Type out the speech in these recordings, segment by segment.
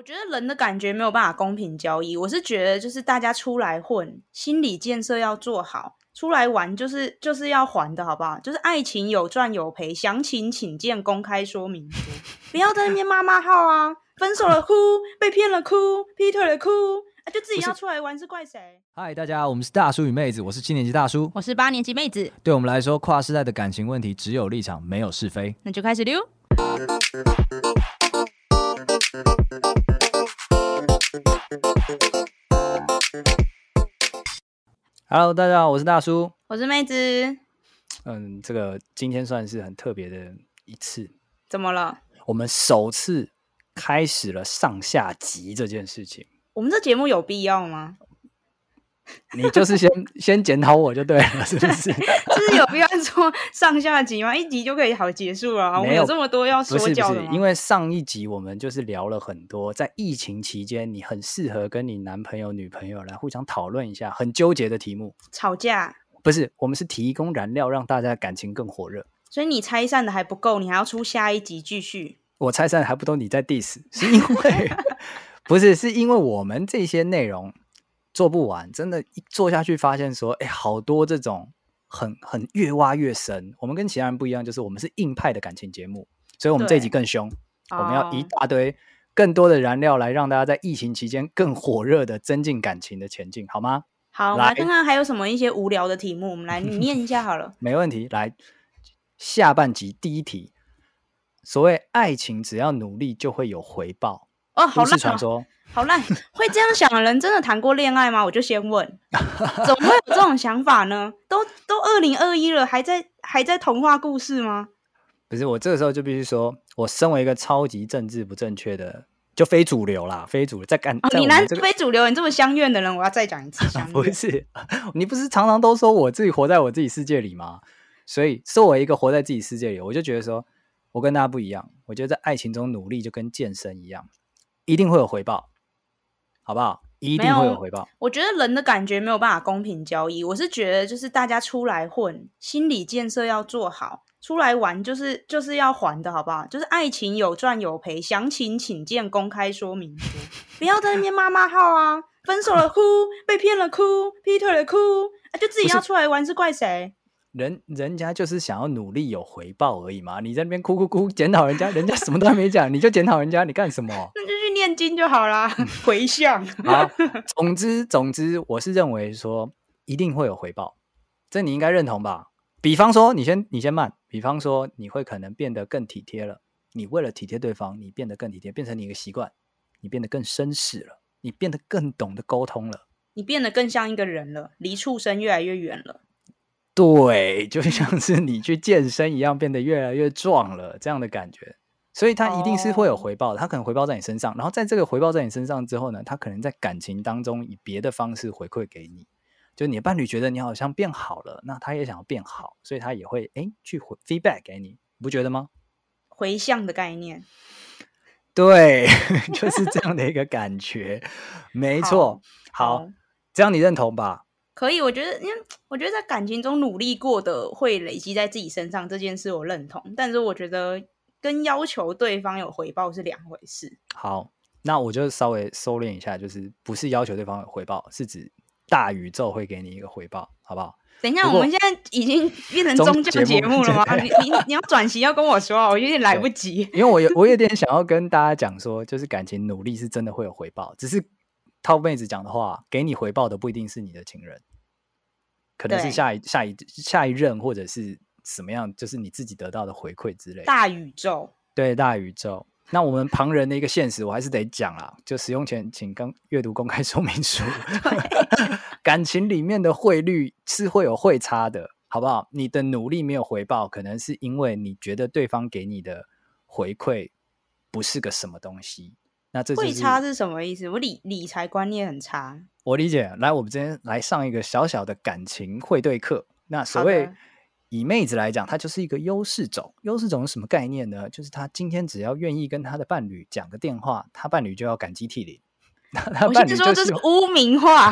我覺得人的感覺沒有辦法公平交易，我是覺得就是大家出來混，心理建設要做好。出來玩就是就是要還的，好不好？就是愛情有賺有賠，詳情請見公開說明書。 不要在那邊罵罵號啊！分手了哭，被騙了哭，劈腿了哭，啊，就自己要出來玩是怪誰？嗨，Hi, 大家，我們是大叔與妹子，我是七年級大叔，我是八年級妹子。對我們來說，跨世代的感情問題只有立場，沒有是非。那就開始溜。哦 Hello，大家好，我是大叔，我是妹子。嗯，這個今天算是很特別的一次。怎麼了？我們首次開始了上下集這件事情。我們這節目有必要嗎？ 你就是先先檢討我就對了，是不是？就 是有必要說上下集嗎？一集就可以好結束了。沒有，我們有這麼多要說教的。不是,不是，因為上一集我們就是聊了很多，在疫情期間，你很適合跟你男朋友、女朋友來互相討論一下很糾結的題目。吵架不是，我們是提供燃料，讓大家的感情更火熱。所以你拆散的還不夠，你還要出下一集繼續。我拆散還不都你在 diss，是因為 不是，是因為我們這些內容。做不完，真的一做下去發現說，哎、欸，好多這種很很越挖越深。我們跟其他人不一樣，就是我們是硬派的感情節目，所以我們這一集更兇。對我們要一大堆更多的燃料來讓大家在疫情期間更火熱的增進感情的前進，好嗎？好，來我們來看看還有什麼一些無聊的題目，我們來念一下好了。 沒問題，來下半集第一題，所謂愛情，只要努力就會有回報。哦，好爛、啊，好爛， 會這樣想的人真的談過戀愛嗎？我就先問，怎麼會有這種想法呢？都都二零二一了，還在還在童話故事嗎？不是，我這個時候就必須說，我身為一個超級政治不正確的，就非主流啦，非主在幹、這個啊。你男非主流，你這麼鄉願的人，我要再講一次鄉願， 不是你不是常常都說我自己活在我自己世界裡嗎？所以，作為一個活在自己世界裡，我就覺得說，我跟大家不一樣，我覺得在愛情中努力就跟健身一樣。一定會有回報，好不好？一定會有回報。我覺得人的感覺沒有辦法公平交易。我是覺得，就是大家出來混，心理建設要做好。出來玩就是就是要還的，好不好？就是愛情有賺有賠，詳情請見公開說明書。 不要在那邊罵罵號啊！分手了哭，被騙了哭，劈腿了哭，啊，就自己要出來玩是怪誰？人人家就是想要努力有回報而已嘛。你在那邊哭哭哭，檢討人家，人家什麼都還沒講， 你就檢討人家，你幹什麼？ 現金就好啦，回向。 好，總之，總之，我是認為說一定會有回報，這你應該認同吧？比方說，你先，你先慢。比方說，你會可能變得更體貼了。你為了體貼對方，你變得更體貼，變成你一個習慣。你變得更紳士了，你變得更懂得溝通了，你變得更像一個人了，離畜生越來越遠了。對，就像是你去健身一樣，變得越來越壯了，這樣的感覺。所以，他一定是會有回報的。Oh, 他可能回報在你身上，然後在這個回報在你身上之後呢，他可能在感情當中以別的方式回饋給你。就你的伴侶覺得你好像變好了，那他也想要變好，所以他也會誒去回 feedback 給你，你不覺得嗎？回向的概念，對，就是這樣的一個感覺， 沒錯。好，好，這樣你認同吧？可以，我覺得，因為我覺得在感情中努力過的會累積在自己身上這件事，我認同。但是，我覺得。跟要求對方有回報是兩回事。好，那我就稍微收斂一下，就是不是要求對方有回報，是指大宇宙會給你一個回報，好不好？等一下，果我們現在已經變成宗教節目了嗎？ 啊、你你你要轉型要跟我說，我有點來不及。因為我有我有點想要跟大家講說，就是感情努力是真的會有回報， 只是套妹子講的話，給你回報的不一定是你的情人，可能是下一對下一下一,下一任或者是。什麼樣，就是你自己得到的回饋之類的。大宇宙，對大宇宙。那我們旁人的一個現實，我還是得講啊。就使用前，請剛閱讀公開說明書。 感情裡面的匯率是會有匯差的，好不好？你的努力沒有回報，可能是因為你覺得對方給你的回饋不是個什麼東西。那這匯差是什麼意思？我理理財觀念很差。我理解。來，我們今天來上一個小小的感情匯對課。那所謂。以妹子來講，她就是一個優勢種。優勢種是什麼概念呢？就是她今天只要願意跟她的伴侶講個電話，她伴侶就要感激涕零。我先說這是污名化。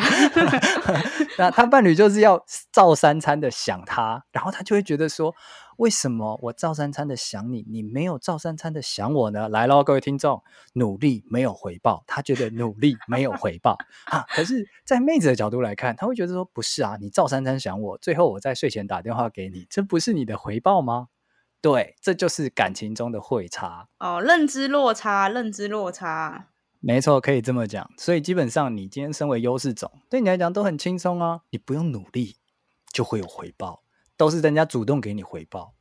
那 他伴侶就是要照三餐的想他，然後他就會覺得說：為什麼我照三餐的想你，你沒有照三餐的想我呢？來嘍，各位聽眾，努力沒有回報，他覺得努力沒有回報 可是，在妹子的角度來看，他會覺得說：不是啊，你照三餐想我，最後我在睡前打電話給你，這不是你的回報嗎？對，這就是感情中的會差哦，認知落差，認知落差。沒錯，可以這麼講。所以基本上，你今天身為優勢種，對你來講都很輕鬆啊，你不用努力就會有回報，都是人家主動給你回報。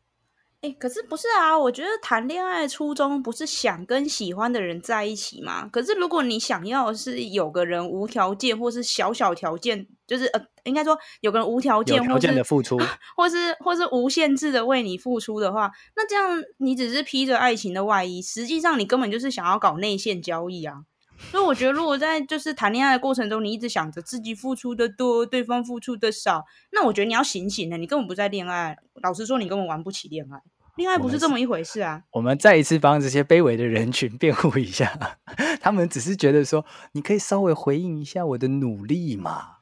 誒、欸、可是不是啊？我覺得談戀愛的初衷不是想跟喜歡的人在一起嘛，可是如果你想要是有個人無條件，或是小小條件，就是呃，應該說有個人無條件或是，無條件的付出，或是或是無限制的為你付出的話，那這樣你只是披着愛情的外衣，實際上你根本就是想要搞內線交易啊。所以我覺得，如果在就是談戀愛的過程中，你一直想着自己付出的多，對方付出的少，那我覺得你要醒醒了，你根本不在戀愛。老實說，你根本玩不起戀愛，戀愛不是這麼一回事啊。我們，我們再一次幫這些卑微的人群辯護一下，他們只是覺得說，你可以稍微回應一下我的努力嘛。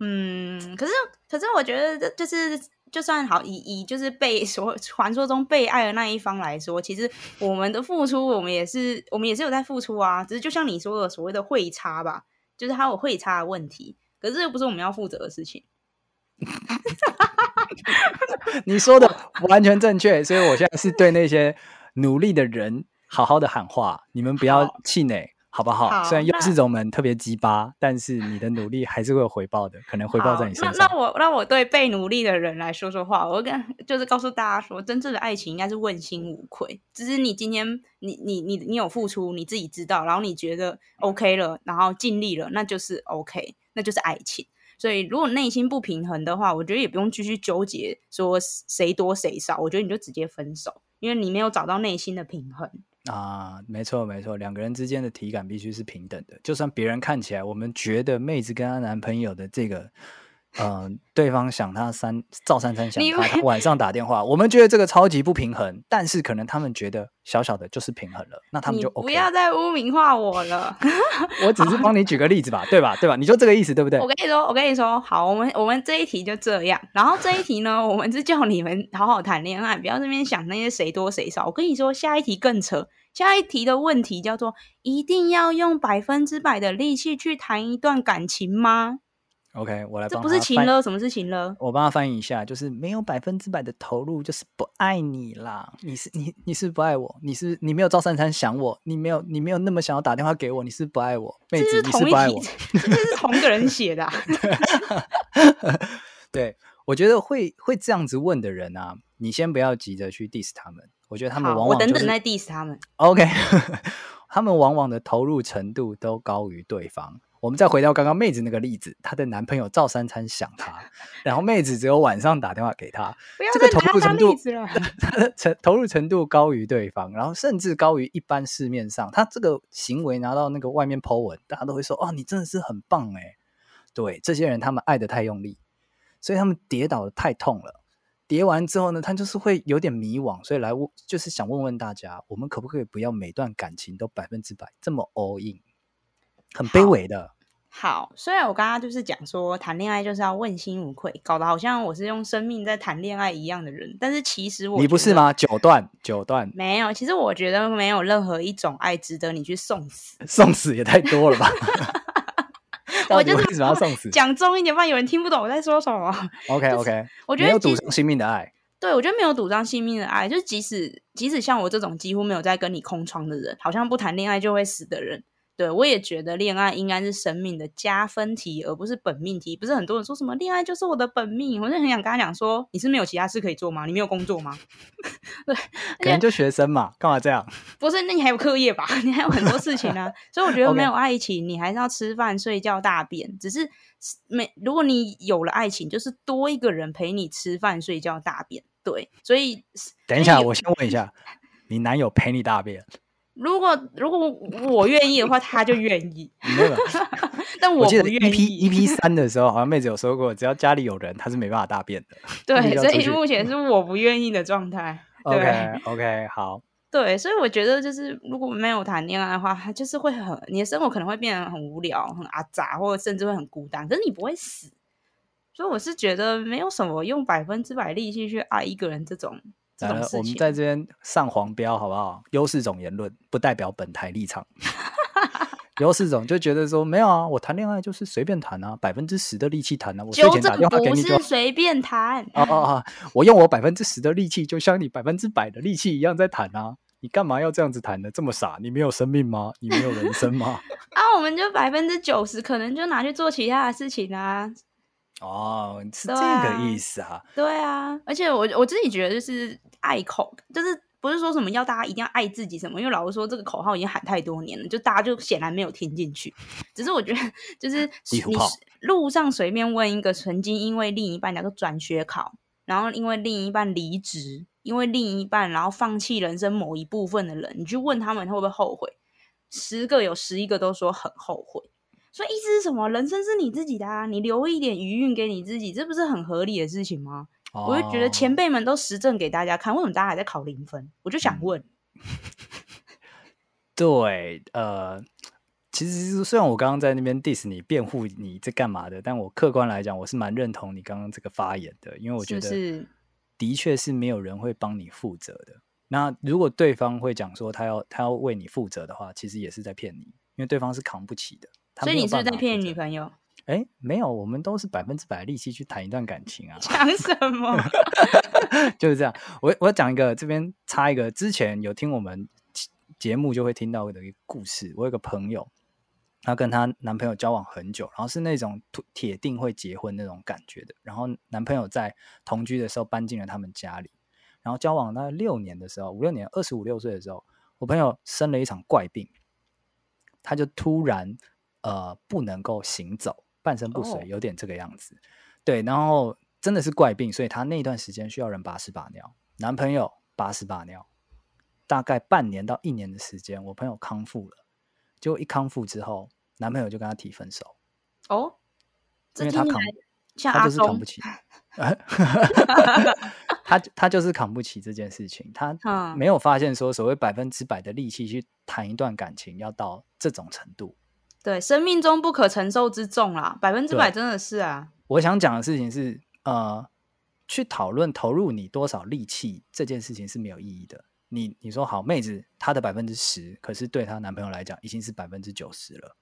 嗯，可是，可是我覺得，就是。就算好以以就是被所傳說中被愛的那一方來說，其實我們的付出，我們也是我們也是有在付出啊。只是就像你說的，所謂的會差吧，就是他有會差的問題，可是這又不是我們要負責的事情。你說的完全正確，所以我現在是對那些努力的人好好的喊話，你們不要氣餒。好不好？好雖然又這種們特別雞巴，那但是你的努力還是會有回報的，可能回報在你身上。那，那我那我對被努力的人來說說話，我跟就是告訴大家說，真正的愛情應該是問心無愧。只是你今天你你你你有付出，你自己知道，然後你覺得 OK 了，然後盡力了，那就是 OK，那就是愛情。所以如果內心不平衡的話，我覺得也不用繼續糾結說誰多誰少，我覺得你就直接分手，因為你沒有找到內心的平衡。啊，沒錯，沒錯，兩個人之間的體感必須是平等的，就算別人看起來，我們覺得妹子跟她男朋友的這個。嗯、呃，對方想他三趙三三想他，他晚上打電話，我們覺得這個超級不平衡，但是可能他們覺得小小的就是平衡了，那他們就、OK 啊，不要再污名化我了。 我只是幫你舉個例子吧， 對吧？對吧？你就這個意思對不對？我跟你說，我跟你說，好，我們我們這一題就這樣，然後這一題呢，我們就叫你們好好談戀愛， 不要這邊想那些誰多誰少。我跟你說，下一題更扯，下一題的問題叫做：一定要用百分之百的力氣去談一段感情嗎？OK，我來幫。這不是情了，什麼是情了？我幫他翻譯一下，就是沒有百分之百的投入，就是不愛你啦。你是你，你是不愛我，你是你沒有朝三餐想我，你沒有你沒有那麼想要打電話給我，你是不愛我，妹子，是你是不愛我，這是同個人寫的、啊。 對，我覺得會會這樣子問的人啊，你先不要急着去 diss 他們，我覺得他們往往、就是、我等等再 diss 他們。OK， 他們往往的投入程度都高於對方。我們再回到剛剛妹子那個例子，她的男朋友照三餐想她，然後妹子只有晚上打電話給他， 這個投入程度，她投 投入程度高於對方，然後甚至高於一般市面上，她這個行為拿到那個外面 po 文，大家都會說啊、哦，你真的是很棒誒。對，這些人他們愛的太用力，所以他們跌倒的太痛了。跌完之後呢，他就是會有點迷惘，所以來問，就是想問問大家，我們可不可以不要每段感情都百分之百這麼 all in，很卑微的。好，雖然我剛剛就是講說談戀愛就是要問心無愧，搞得好像我是用生命在談戀愛一樣的人，但是其實我你不是嗎？九段九段沒有，其實我覺得沒有任何一種愛值得你去送死，送死也太多了吧？我 為什麼要送死？講重一點，不然有人聽不懂我在說什麼。OK OK，、就是、我覺得沒有賭上性命的愛，對我覺得沒有賭上性命的愛，就是即使即使像我這種幾乎沒有在跟你空窗的人，好像不談戀愛就會死的人。對，我也覺得戀愛應該是生命的加分題，而不是本命題。不是很多人說什麼戀愛就是我的本命，我就很想跟他講說，你是沒有其他事可以做嗎？你沒有工作嗎？ 對，可能就學生嘛，幹嘛這樣？不是，那你還有課業吧？你還有很多事情啊。 所以我覺得沒有愛情，你還是要吃飯、睡覺、大便。只是沒，如果你有了愛情，就是多一個人陪你吃飯、睡覺、大便。對，所以等一下，有我先問一下， 你男友陪你大便？如果如果我願意的話，他就願意。 但我不願意，我記得 EP EP 三的時候，好像妹子有說過，只要家裡有人，他是沒辦法大便的。對， 所以所以目前是我不願意的狀態。 對 OK OK，好。對，所以我覺得就是如果沒有談戀愛的話，他就是會很你的生活可能會變得很無聊、很阿雜，或者甚至會很孤單。可是你不會死，所以我是覺得沒有什麼用百分之百力氣去去愛一個人這種。然後我們在這邊上黃標好不好？優勢種言論不代表本台立場。 優勢種就覺得說沒有啊，我談戀愛就是隨便談啊，百分之十的力氣談啊，我簡單談。不是隨便談啊，啊啊啊！我用我百分之十的力氣，就像你百分之百的力氣一樣在談啊！你幹嘛要這樣子談呢？這麼傻？你沒有生命嗎？你沒有人生嗎？ 啊，我們就百分之九十可能就拿去做其他的事情啊。哦，是、oh, 啊、這個意思啊！對啊，而且我我自己覺得就是愛口，就是不是說什麼要大家一定要愛自己什麼，因為老是說這個口號已經喊太多年了，就大家就顯然沒有聽進去。只是我覺得就是 你路上隨便問一個曾經因為另一半那個轉學考，然後因為另一半離職，因為另一半然後放棄人生某一部分的人，你去問他們他會不會後悔，十個有十一個都說很後悔。所以意思是什麼？人生是你自己的，啊，你留一點餘韻給你自己，這不是很合理的事情嗎？Oh. 我就覺得前輩們都實證給大家看，為什麼大家還在考零分？我就想問，嗯、 對，呃，其實雖然我剛剛在那邊 diss 你辯護，你在幹嘛的？但我客觀來講，我是蠻認同你剛剛這個發言的，因為我覺得的確是沒有人會幫你負責的。是不是？那如果對方會講說他要他要為你負責的話，其實也是在騙你，因為對方是扛不起的。所以你是在騙女朋友？哎，沒有，我們都是百分之百的力氣去談一段感情啊。講什麼？ 就是這樣。我我要講一個，這邊插一個。之前有聽我們節目就會聽到的一個故事。我有一個朋友，她跟她男朋友交往很久，然後是那種鐵定會結婚那種感覺的。然後男朋友在同居的時候搬進了他們家裡，然後交往了六年的時候，五六年，二十五六歲的時候，我朋友生了一場怪病，他就突然。呃，不能夠行走，半身不遂，oh. 有點這個樣子。對，然後真的是怪病，所以他那段時間需要人把屎把尿，男朋友把屎把尿，大概半年到一年的時間，我朋友康復了。結果一康復之後，男朋友就跟他提分手。哦，oh. 因為他扛，他就是扛不起。 他他就是扛不起這件事情，他沒有發現說所謂百分之百的力氣去談一段感情，要到這種程度。對，生命中不可承受之重啦，百分之百真的是啊。我想講的事情是，呃，去討論投入你多少力氣這件事情是沒有意義的。你你說好妹子她的百分之十，可是對她男朋友來講已經是百分之九十了。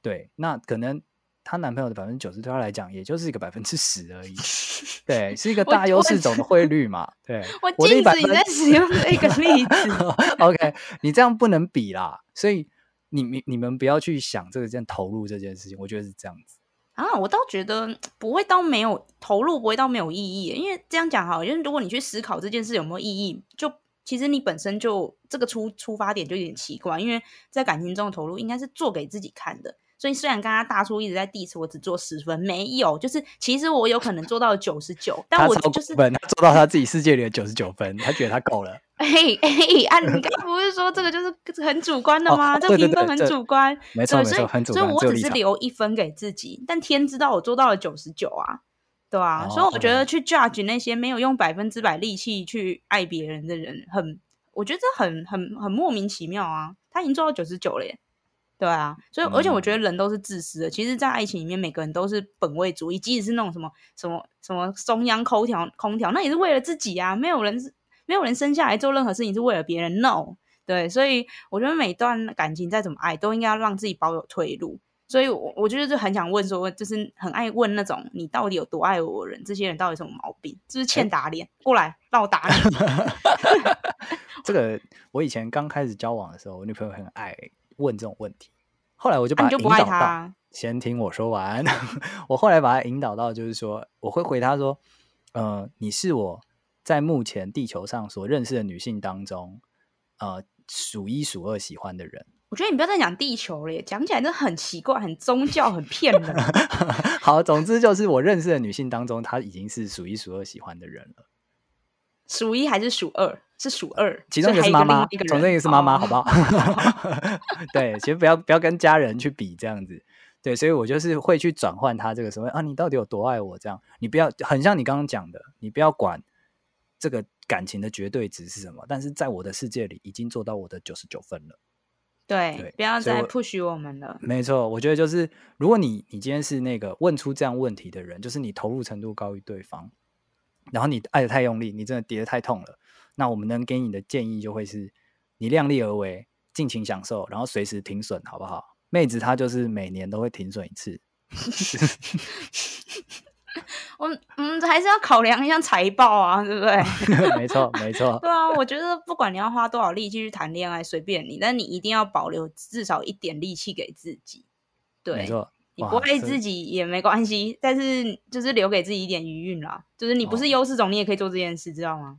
對，那可能她男朋友的百分之九十對她來講，也就是一個百分之十而已。 對，是一個大優勢總的匯率嘛？對，我禁止你再使用這個例子。 OK，你這樣不能比啦，所以。你你你們不要去想這件投入這件事情，我覺得是這樣子。啊，我倒覺得不會到沒有投入，不會到沒有意義。因為這樣講哈，就是如果你去思考這件事有沒有意義，就其實你本身就這個出出發點就有點奇怪。因為在感情中的投入應該是做給自己看的。所以雖然剛剛大叔一直在第一次，我只做十分，沒有，就是其實我有可能做到九十九，但我就、就是他做到他自己世界裡的九十九分，他覺得他夠了。 嘿，嘿，hey, hey, 啊，你剛不是說這個就是很主觀的嗎？這評分很主觀，沒錯，沒錯，很主觀，對，所以所以我只是留一分給自己， 但天知道我做到了九十九啊，對啊，哦、所以我覺得去 judge 那些沒有用百分之百力氣去愛別人的人，很，我覺得這很很很莫名其妙啊。他已經做到九十九了耶，對啊，所以、嗯、而且我覺得人都是自私的。其實，在愛情裡面，每個人都是本位主義，即使是那種什麼什麼什麼中央空調空調，那也是為了自己啊，沒有人是。沒有人生下來做任何事情是為了別人，no，對，所以我覺得每段感情再怎麼愛，都應該要讓自己保有退路。所以我，我我覺得就是很想問說，說就是很愛問那種“你到底有多愛我”人，這些人到底什麼毛病？就是欠打臉，欸、過來讓我打你。 這個我以前剛開始交往的時候，我女朋友很愛問這種問題，後來我就把你引導到，啊、先聽我說完。 我後來把她引導到，就是說我會回答說：“嗯、呃，你是我。”在目前地球上所認識的女性當中，呃，數一數二喜歡的人。我覺得你不要再講地球了耶，講起來真的很奇怪，很宗教，很騙人。 好，總之就是我認識的女性當中，她已經是數一數二喜歡的人了。數一還是數二？是數二、呃。其中一個是媽媽，總之一個是媽媽，好不好？ 好 對，其實不要不要跟家人去比這樣子。對，所以我就是會去轉換她這個什麼啊，你到底有多愛我？這樣，你不要很像你剛剛講的，你不要管。這個感情的絕對值是什麼？但是在我的世界裡，已經做到我的九十九分了。對，對，不要再 push 我、我們了。沒錯，我覺得就是，如果你你今天是那個問出這樣問題的人，就是你投入程度高於對方，然後你愛得太用力，你真的跌得太痛了，那我們能給你的建議就會是你量力而為，盡情享受，然後隨時停損，好不好？妹子她就是每年都會停損一次。 我嗯，還是要考量一下財報啊，對不對？沒錯，沒錯。 對啊，我覺得不管你要花多少力氣去談戀愛，隨便你，但你一定要保留至少一點力氣給自己。對，沒錯，你不愛自己也沒關係，是但是就是留給自己一點餘韻啦。就是你不是優勢種，哦、你也可以做這件事，知道嗎？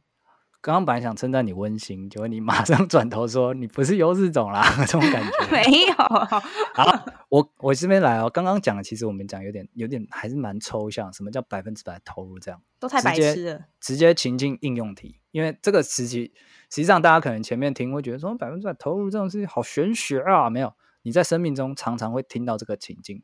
剛剛本來想稱讚你溫馨，結果你馬上轉頭說你不是優質種啦，這種感覺沒有。 好，我我這邊來哦。剛剛講的其實我們講有點有點還是蠻抽象，什麼叫百分之百投入這樣，都太白痴了。直。直接情境應用題，因為這個實際實際上大家可能前面聽會覺得說百分之百投入這種事情好玄學啊，沒有。你在生命中常常會聽到這個情境，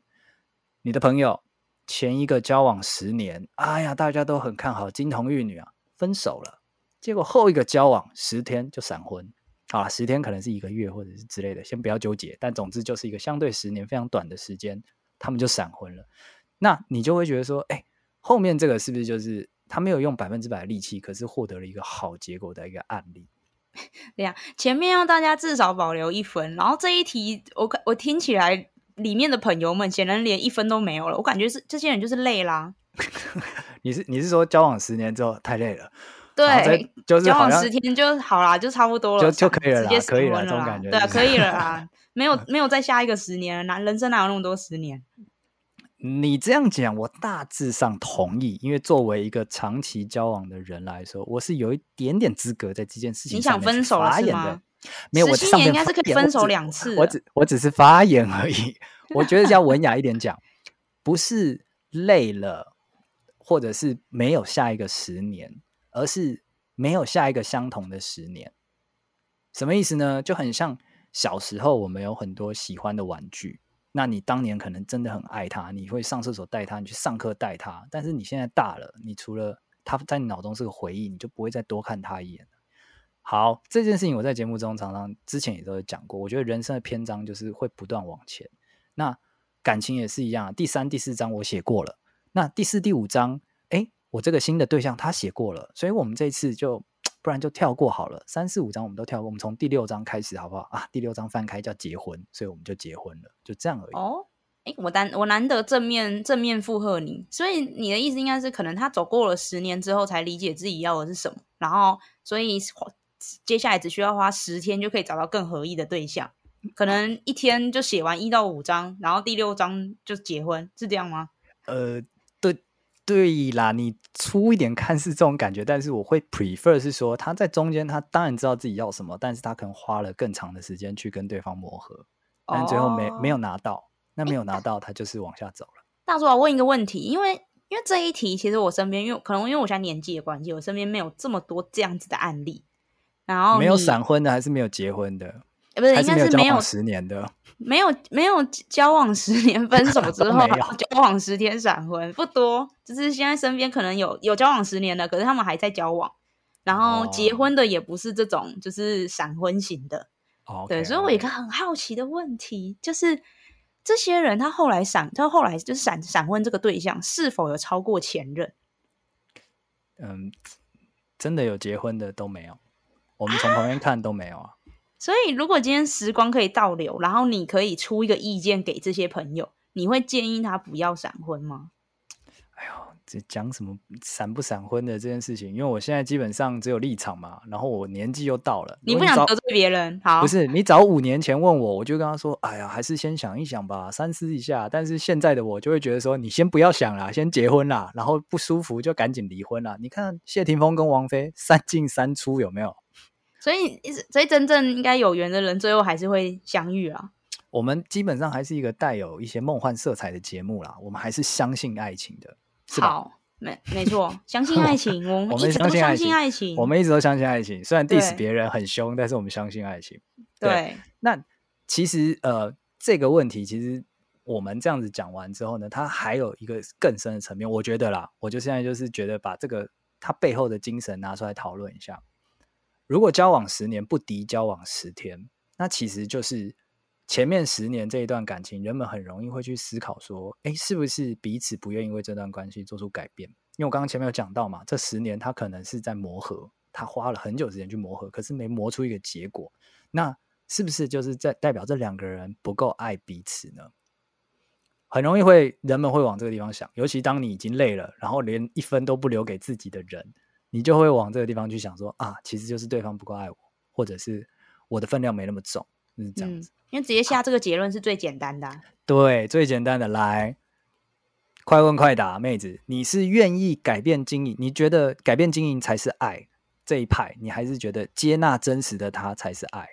你的朋友前一個交往十年，哎呀，大家都很看好金童玉女啊，分手了。結果後一個交往十天就閃婚，啊，十天可能是一個月或者是之類的，先不要糾結。但總之就是一個相對十年非常短的時間，他們就閃婚了。那你就會覺得說，哎、欸，後面這個是不是就是他沒有用百分之百的力氣，可是獲得了一個好結果的一個案例？對呀，前面讓大家至少保留一分，然後這一題我我聽起來裡面的朋友們顯然連一分都沒有了。我感覺是這些人就是累啦。 你是你是說交往十年之後太累了？對，就是交往十天就好啦，就差不多了，就就可以了啦，直接可以了啦，這種感覺、就是。對，可以了啦， 沒有沒有再下一個十年了，人生哪有那麼多十年？你這樣講，我大致上同意，因為作為一個長期交往的人來說，我是有一點點資格在這件事情上。你想分手了是嗎？沒有，我今年應該是可以分手兩次我。我只我只是發言而已，我覺得要文雅一點講， 不是累了，或者是沒有下一個十年。而是沒有下一個相同的十年，什麼意思呢？就很像小時候我們有很多喜歡的玩具，那你當年可能真的很愛他，你會上廁所帶他，你去上課帶他，但是你現在大了，你除了他在你腦中是個回憶，你就不會再多看他一眼。好，這件事情我在節目中常常之前也都有講過，我覺得人生的篇章就是會不斷往前，那感情也是一樣。第三、第四章我寫過了，那第四、第五章，哎。我這個新的對象他寫過了，所以我們這次就不然就跳過好了，三四五章，我們都跳過，我們從第六章開始好不好啊？第六章翻開叫結婚，所以我們就結婚了，就這樣而已。哦，誒、欸，我難我難得正面正面附和你，所以你的意思應該是，可能他走過了十年之後才理解自己要的是什麼，然後所以接下來只需要花十天就可以找到更合意的對象，可能一天就寫完一到五章，然後第六章就結婚，是這樣嗎？呃。對啦，你粗一點看是這種感覺，但是我會 prefer 是說他在中間，他當然知道自己要什麼，但是他可能花了更長的時間去跟對方磨合，但最後沒、Oh. 沒有拿到，那沒有拿到，他就是往下走了。欸、大叔，我問一個問題，因為因為這一題其實我身邊，因為可能因為我現在年紀的關係，我身邊沒有這麼多這樣子的案例。然後沒有閃婚的，還是沒有結婚的？不是應該是沒有交往十年的，沒有沒有，沒有交往十年分手之後， 沒有 然後交往十天閃婚不多，就是現在身邊可能有有交往十年的，可是他們還在交往，然後結婚的也不是這種，就是閃婚型的。哦、對，哦、okay, 所以我有一個很好奇的問題，就是這些人他後來閃，他後來就是閃閃婚這個對象是否有超過前任？嗯，真的有結婚的都沒有，我們從旁邊看都沒有啊。啊所以，如果今天時光可以倒流，然後你可以出一個意見給這些朋友，你會建議他不要閃婚嗎？哎呦，這講什麼閃不閃婚的這件事情？因為我現在基本上只有立場嘛，然後我年紀又到了，你，你不想得罪別人？好，不是你早五年前問我，我就跟他說：“哎呀，還是先想一想吧，三思一下。”但是現在的我就會覺得說：“你先不要想啦，先結婚啦，然後不舒服就趕緊離婚啦。”你看謝霆鋒跟王菲三進三出有沒有？所以，所以真正應該有緣的人，最後還是會相遇啊。我們基本上還是一個帶有一些夢幻色彩的節目啦。我們還是相信愛情的，是。好，沒沒錯，相信愛情。 我們，我們一直都相信愛情。我們一直都相信愛情。我們一直都相信愛情。雖然 diss 別人很凶，對但是我們相信愛情。對。對，那其實，呃，這個問題，其實我們這樣子講完之後呢，它還有一個更深的層面。我覺得啦，我就現在就是覺得把這個它背後的精神拿出來討論一下。如果交往十年不敵交往十天，那其實就是前面十年這一段感情，人們很容易會去思考說，哎，是不是彼此不願意為這段關係做出改變？因為我剛剛前面有講到嘛，這十年他可能是在磨合，他花了很久時間去磨合，可是沒磨出一個結果，那是不是就是在代表這兩個人不夠愛彼此呢？很容易會人們會往這個地方想，尤其當你已經累了，然後連一分都不留給自己的人。你就會往這個地方去想說，說啊，其實就是對方不夠愛我，或者是我的分量沒那麼重，就是這樣子、嗯。因為直接下這個結論是最簡單的、啊啊。對，最簡單的，來，快問快答，妹子，你是願意改變經營？你覺得改變經營才是愛，這一派，你還是覺得接納真實的他才是愛？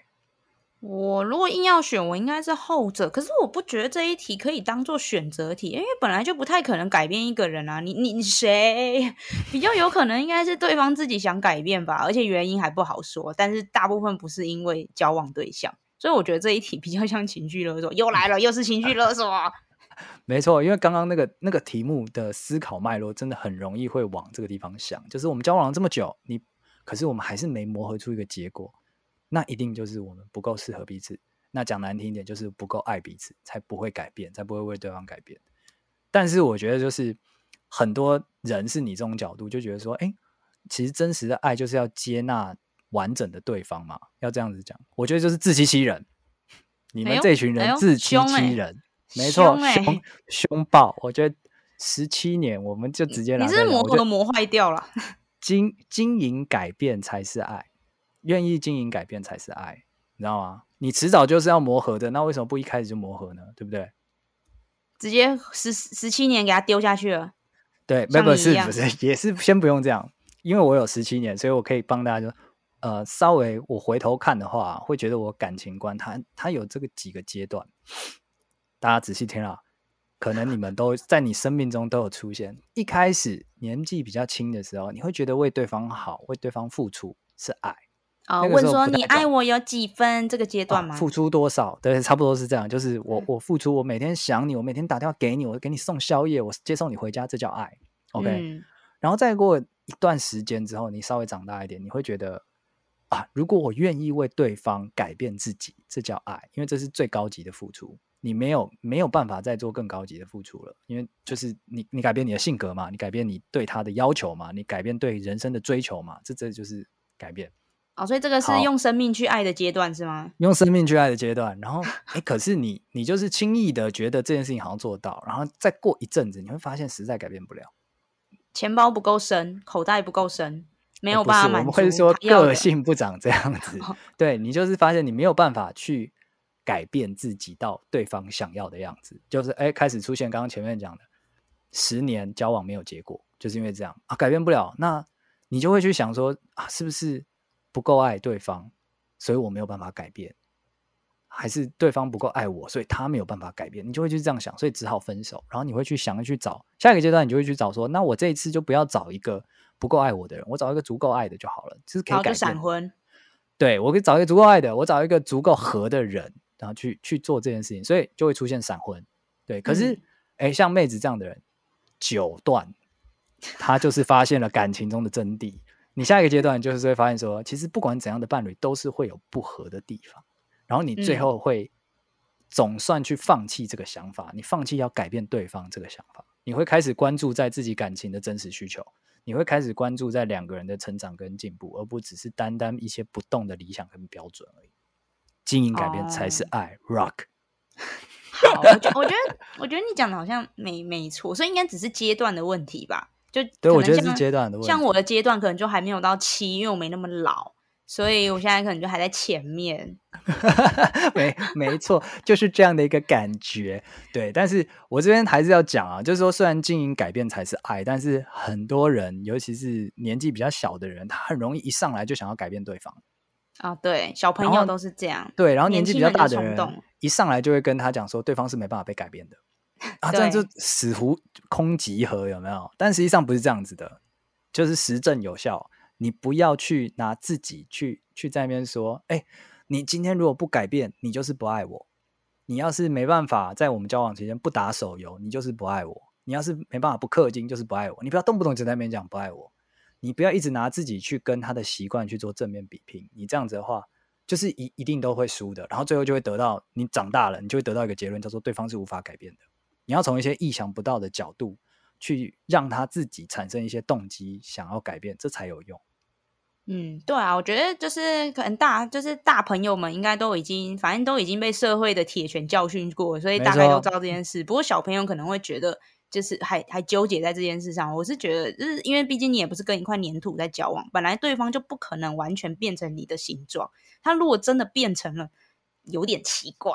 我如果硬要選，我應該是後者。可是我不覺得這一題可以當做選擇題，因為本來就不太可能改變一個人啊。你你誰比較有可能？應該是對方自己想改變吧。 而且原因還不好說。但是大部分不是因為交往對象，所以我覺得這一題比較像情緒勒索，又來了，又是情緒勒索。嗯呃、沒錯，因為剛剛那個那個題目的思考脈絡，真的很容易會往這個地方想，就是我們交往了這麼久，你可是我們還是沒磨合出一個結果。那一定就是我們不夠適合彼此，那講難聽一點就是不夠愛彼此，才不會改變，才不會為對方改變。但是我覺得就是很多人是你這種角度就覺得說，哎、欸，其實真實的愛就是要接納完整的對方嘛，要這樣子講。我覺得就是自欺欺人，哎、呦你們這群人自欺欺，欺人，哎、沒錯錯，凶凶暴。我覺得十七年我們就直接來，你是磨都磨壞掉了，經經營改變才是愛。願意經營改變才是愛，你知道嗎？你遲早就是要磨合的，那為什麼不一開始就磨合呢？對不對？直接十十七年給他丟下去了。對，沒不是不是，也是先不用這樣，因為我有十七年，所以我可以幫大家就呃稍微我回頭看的話，會覺得我感情觀它它有這個幾個階段，大家仔細聽啊，可能你們都在你生命中都有出現。一開始年紀比較輕的時候，你會覺得為對方好、為對方付出是愛。啊、哦，問說你愛我有幾分？這個階段嗎、哦？付出多少？對，差不多是這樣。就是我，嗯、我付出，我每天想你，我每天打電話給你，我給你送宵夜，我接送你回家，這叫愛。OK，、嗯、然後再過一段時間之後，你稍微長大一點，你會覺得啊，如果我願意為對方改變自己，這叫愛，因為這是最高級的付出。你沒有沒有辦法再做更高級的付出了，因為就是你，你改變你的性格嘛，你改變你對他的要求嘛，你改變對人生的追求嘛，這這就是改變。哦，所以這個是用生命去愛的階段，好是嗎？用生命去愛的階段，然後、 欸、可是你你就是輕易的覺得這件事情好像做到，然後再過一陣子，你會發現實在改變不了。錢包不夠深，口袋不夠深，沒有辦法滿足、欸。我們會說個性不長這樣子，要 對你就是發現你沒有辦法去改變自己到對方想要的樣子，就是哎、欸，開始出現剛剛前面講的十年交往沒有結果，就是因為這樣啊，改變不了，那你就會去想說啊，是不是？不夠愛對方，所以我沒有辦法改變；還是對方不夠愛我，所以他沒有辦法改變。你就會去這樣想，所以只好分手。然後你會去想要去找下一個階段，你就會去找說：那我這一次就不要找一個不夠愛我的人，我找一個足夠愛的就好了。就是可以改個閃婚，對，我可以找一個足夠愛的，我找一個足夠合的人，然後去去做這件事情。所以就會出現閃婚。對，可是哎、嗯，像妹子這樣的人，九段，他就是發現了感情中的真諦。 你下一個階段就是會發現說，其實不管怎樣的伴侶都是會有不合的地方，然後你最後會總算去放棄這個想法，嗯、你放棄要改變對方這個想法，你會開始關注在自己感情的真實需求，你會開始關注在兩個人的成長跟進步，而不只是單單一些不動的理想跟標準而已。經營改變才是愛、哦、，Rock。 好，我覺我覺得我覺得你講的好像沒沒錯，所以應該只是階段的問題吧。就對，我覺得是階段的問題。像我的階段可能就還沒有到七，因為我沒那麼老，所以我現在可能就還在前面。 沒沒錯， 就是這樣的一個感覺。對，但是我這邊還是要講啊，就是說雖然經營改變才是愛，但是很多人，尤其是年紀比較小的人，他很容易一上來就想要改變對方。啊、哦，對，小朋友都是這樣。對，然後年紀比較大的人，人衝動一上來就會跟他講說，對方是沒辦法被改變的。啊，對這樣就似乎空集合有沒有？但實際上不是這樣子的，就是實證有效。你不要去拿自己去去在那邊說，哎、欸，你今天如果不改變，你就是不愛我。你要是沒辦法在我們交往期間不打手遊，你就是不愛我。你要是沒辦法不氪金，就是不愛我。你不要動不動就在那邊講不愛我，你不要一直拿自己去跟他的習慣去做正面比拼。你這樣子的話，就是一一定都會輸的。然後最後就會得到，你長大了，你就會得到一個結論，叫做對方是無法改變的。你要從一些意想不到的角度去讓他自己產生一些動機，想要改變，這才有用。嗯，對啊，我覺得就是很大，就是大朋友們應該都已經，反正都已經被社會的鐵拳教訓過，所以大概都知道這件事。沒錯。不過小朋友可能會覺得，就是還還糾結在這件事上。我是覺得，就是因為畢竟你也不是跟一塊粘土在交往，本來對方就不可能完全變成你的形狀。他如果真的變成了，有點奇怪，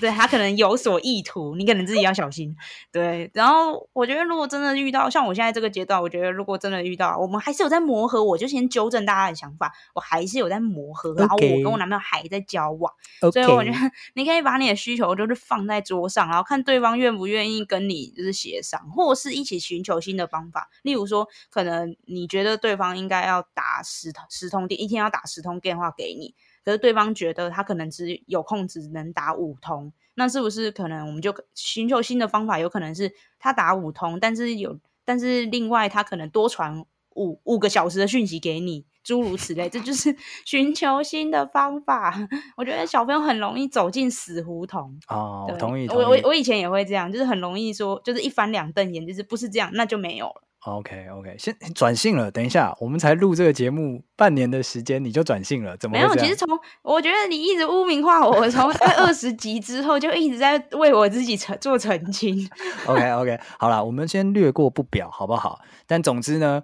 對他可能有所意圖， 你可能自己要小心。對，然後我覺得如果真的遇到像我現在這個階段，我覺得如果真的遇到，我們還是有在磨合。我就先糾正大家的想法，我還是有在磨合，Okay. 然後我跟我男朋友還在交往，Okay. 所以我覺得你可以把你的需求就是放在桌上，然後看對方願不願意跟你就是協商，或者是一起尋求新的方法。例如說，可能你覺得對方應該要打十通十通電，一天要打十通電話給你。可是對方覺得他可能只有空，只能打五通，那是不是可能我們就尋求新的方法？有可能是他打五通，但是有但是另外他可能多傳五五個小時的訊息給你，諸如此類，這就是尋求新的方法。 我覺得小朋友很容易走進死胡同哦，我對同意。同意我我我以前也會這樣，就是很容易說，就是一翻兩瞪眼，就是不是這樣，那就沒有了。OK，OK，okay, okay. 先轉性了。等一下，我們才錄這個節目半年的時間，你就轉性了，怎麼樣？沒有？其實從我覺得你一直污名化我，從二十集之後 就一直在為我自己成，做澄清。 OK，OK，okay, okay. 好了，我們先略過不表，好不好？但總之呢，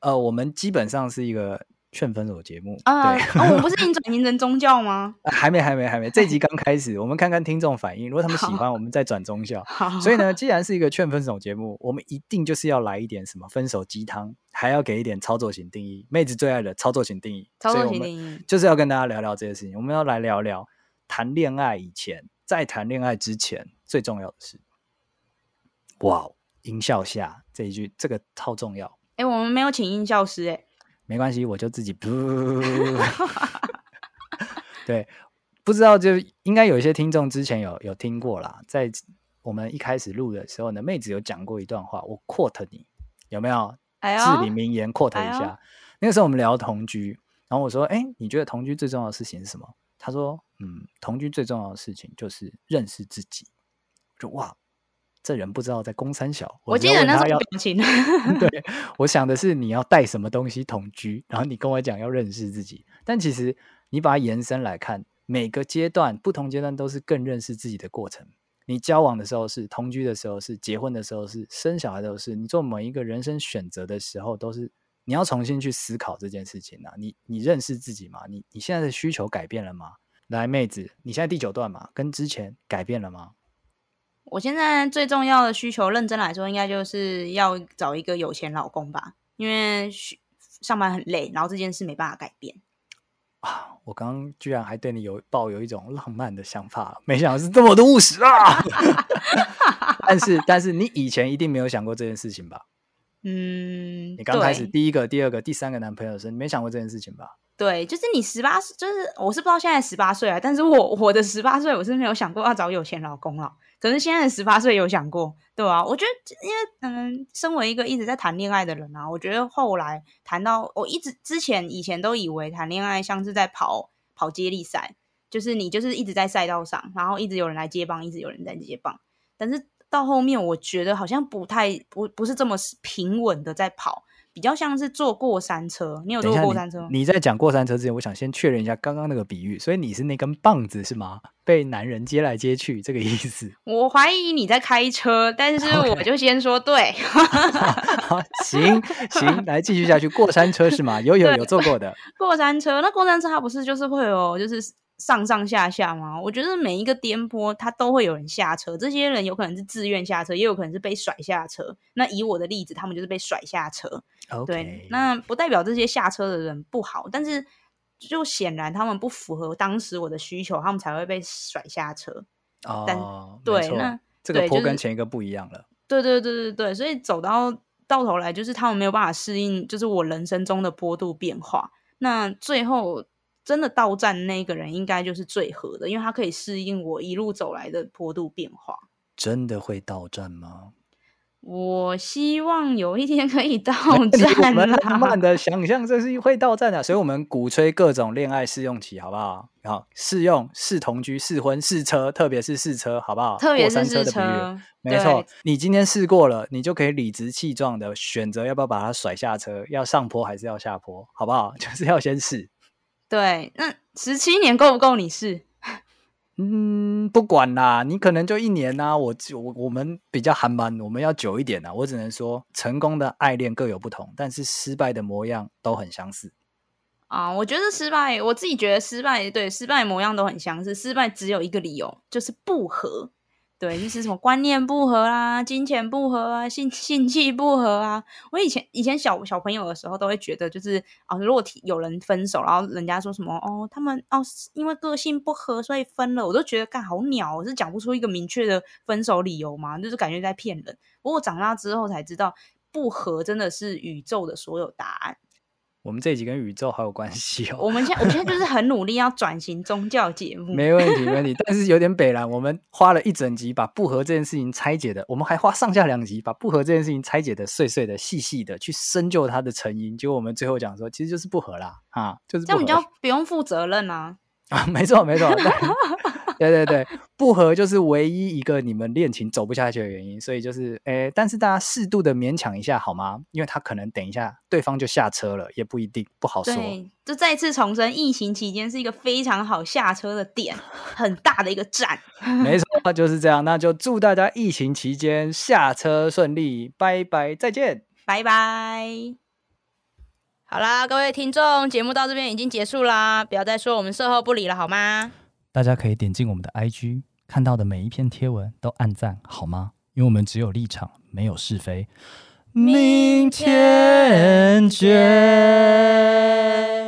呃，我們基本上是一個。勸分手節目，uh, 對，我不是已經轉型成宗教嗎？ 還沒，還沒，還沒。這集剛開始， 我們看看聽眾反應。如果他們喜歡，好我們再轉宗教。 好所以呢，既然是一個勸分手節目，我們一定就是要來一點什麼分手雞湯，還要給一點操作型定義，妹子最愛的操作型定義。操作型定義就是要跟大家聊聊這件事情。我們要來聊聊談戀愛以前，在談戀愛之前最重要的事。哇，音效下這一句，這個超重要。誒、欸、我們沒有請音效師、欸，誒沒關係，我就自己噗。 對，不知道就應該有一些聽眾之前有有聽過了，在我們一開始錄的時候呢，妹子有講過一段話，我 quote 你有沒有至理名言 quote 一下？哎哎、那個時候我們聊同居，然後我說：“哎、欸，你覺得同居最重要的事情是什麼？”她說：“嗯，同居最重要的事情就是認識自己。”我就哇。這人不知道在公三小，我記,我記得那時候感情。 對，我想的是你要帶什麼東西同居，然後你跟我講要認識自己。但其實你把它延伸來看，每個階段、不同階段都是更認識自己的過程。你交往的時候是，同居的時候是，結婚的時候是，生小孩的時候都是。你做每一個人生選擇的時候，都是你要重新去思考這件事情啊！你你認識自己嗎？你你現在的需求改變了嗎？來，妹子，你現在第九段嘛，跟之前改變了嗎？我現在最重要的需求，認真來說，應該就是要找一個有錢老公吧，因為上班很累，然後這件事沒辦法改變。啊！我剛剛居然還對你有抱有一種浪漫的想法，沒想到是這麼的務實啊！ 但是，但是你以前一定沒有想過這件事情吧？嗯，你剛開始第一個、第二個、第三個男朋友的時候，你沒想過這件事情吧？對，就是你十八歲，就是我是不知道現在十八歲啊，但是我我的十八歲，我是沒有想過要找有錢老公了。可是現在十八歲有想過，對啊？我覺得，因為嗯，身為一個一直在談戀愛的人啊，我覺得後來談到，我一直之前以前都以為談戀愛像是在跑跑接力賽，就是你就是一直在賽道上，然後一直有人來接棒，一直有人在接棒。但是到後面，我覺得好像不太不不是這麼平穩的在跑。比較像是坐過山車，你有坐過過山車嗎？你在講過山車之前，我想先確認一下剛剛那個比喻，所以你是那根棒子是嗎？被男人接來接去這個意思。我懷疑你在開車，但是我就先說對。好，行行，來繼續下去。過山車是嗎？有有有，有坐過的。 過山車，那過山車它不是就是會有就是。上上下下嘛，我覺得每一個顛簸，它都會有人下車。這些人有可能是自願下車，也有可能是被甩下車。那以我的例子，他們就是被甩下車。Okay. 對，那不代表這些下車的人不好，但是就顯然他們不符合當時我的需求，他們才會被甩下車。哦、oh，對，沒錯。那這個坡跟前一個不一樣了。對，就是、對，對對對對對，所以走到到頭來，就是他們沒有辦法適應，就是我人生中的坡度變化。那最後。真的到站，那個人應該就是最合的，因為他可以適應我一路走來的坡度變化。真的會到站嗎？我希望有一天可以到站。我們慢慢的想象這是會到站的， 所以我們鼓吹各種戀愛試用期，好不好？好，試用、試同居、試婚、試車，特別是試車，好不好？特別是試車，過山車的比喻對沒錯。你今天試過了，你就可以理直氣壯的選擇要不要把它甩下車，要上坡還是要下坡，好不好？就是要先試。對，那十七年夠不夠你試？嗯，不管啦，你可能就一年吶、啊。我我我們比較憨慢，我們要久一點啦、啊。我只能說，成功的愛戀各有不同，但是失敗的模樣都很相似。啊，我覺得失敗，我自己覺得失敗，對，失敗模樣都很相似。失敗只有一個理由，就是不合。對，就是什麼觀念不合啊，金錢不合啊，性性氣不合啊。我以前以前小小朋友的時候，都會覺得就是啊，如果有人分手，然後人家說什麼哦，他們哦、啊、因為個性不合所以分了，我都覺得幹好鳥、哦，我是講不出一個明確的分手理由嘛，就是感覺在騙人。不過長大之後才知道，不合真的是宇宙的所有答案。我們這一集跟宇宙好有關係哦。我們現在，我現在就是很努力要轉型宗教節目。 沒問題，沒問題，但是有點北爛。我們花了一整集把不合這件事情拆解的，我們還花上下兩集把不合這件事情拆解的碎碎的、細細的去深究它的成因。結果我們最後講說，其實就是不合啦，啊，就是這樣，比較不用負責任啦、啊。啊，沒錯，沒錯。 對對對，不合，就是唯一一個你們戀情走不下去的原因，所以就是誒，但是大家適度的勉強一下好嗎？因為他可能等一下對方就下車了，也不一定，不好說。對，就再次重申，疫情期間是一個非常好下車的點，很大的一個站。 沒錯，就是這樣。那就祝大家疫情期間下車順利，拜拜，再見，拜拜。好啦，各位聽眾，節目到這邊已經結束啦，不要再說我們售後不理了好嗎？大家可以點進我們的 IG，看到的每一篇貼文都按讚好嗎？因為我們只有立場，沒有是非。明天見。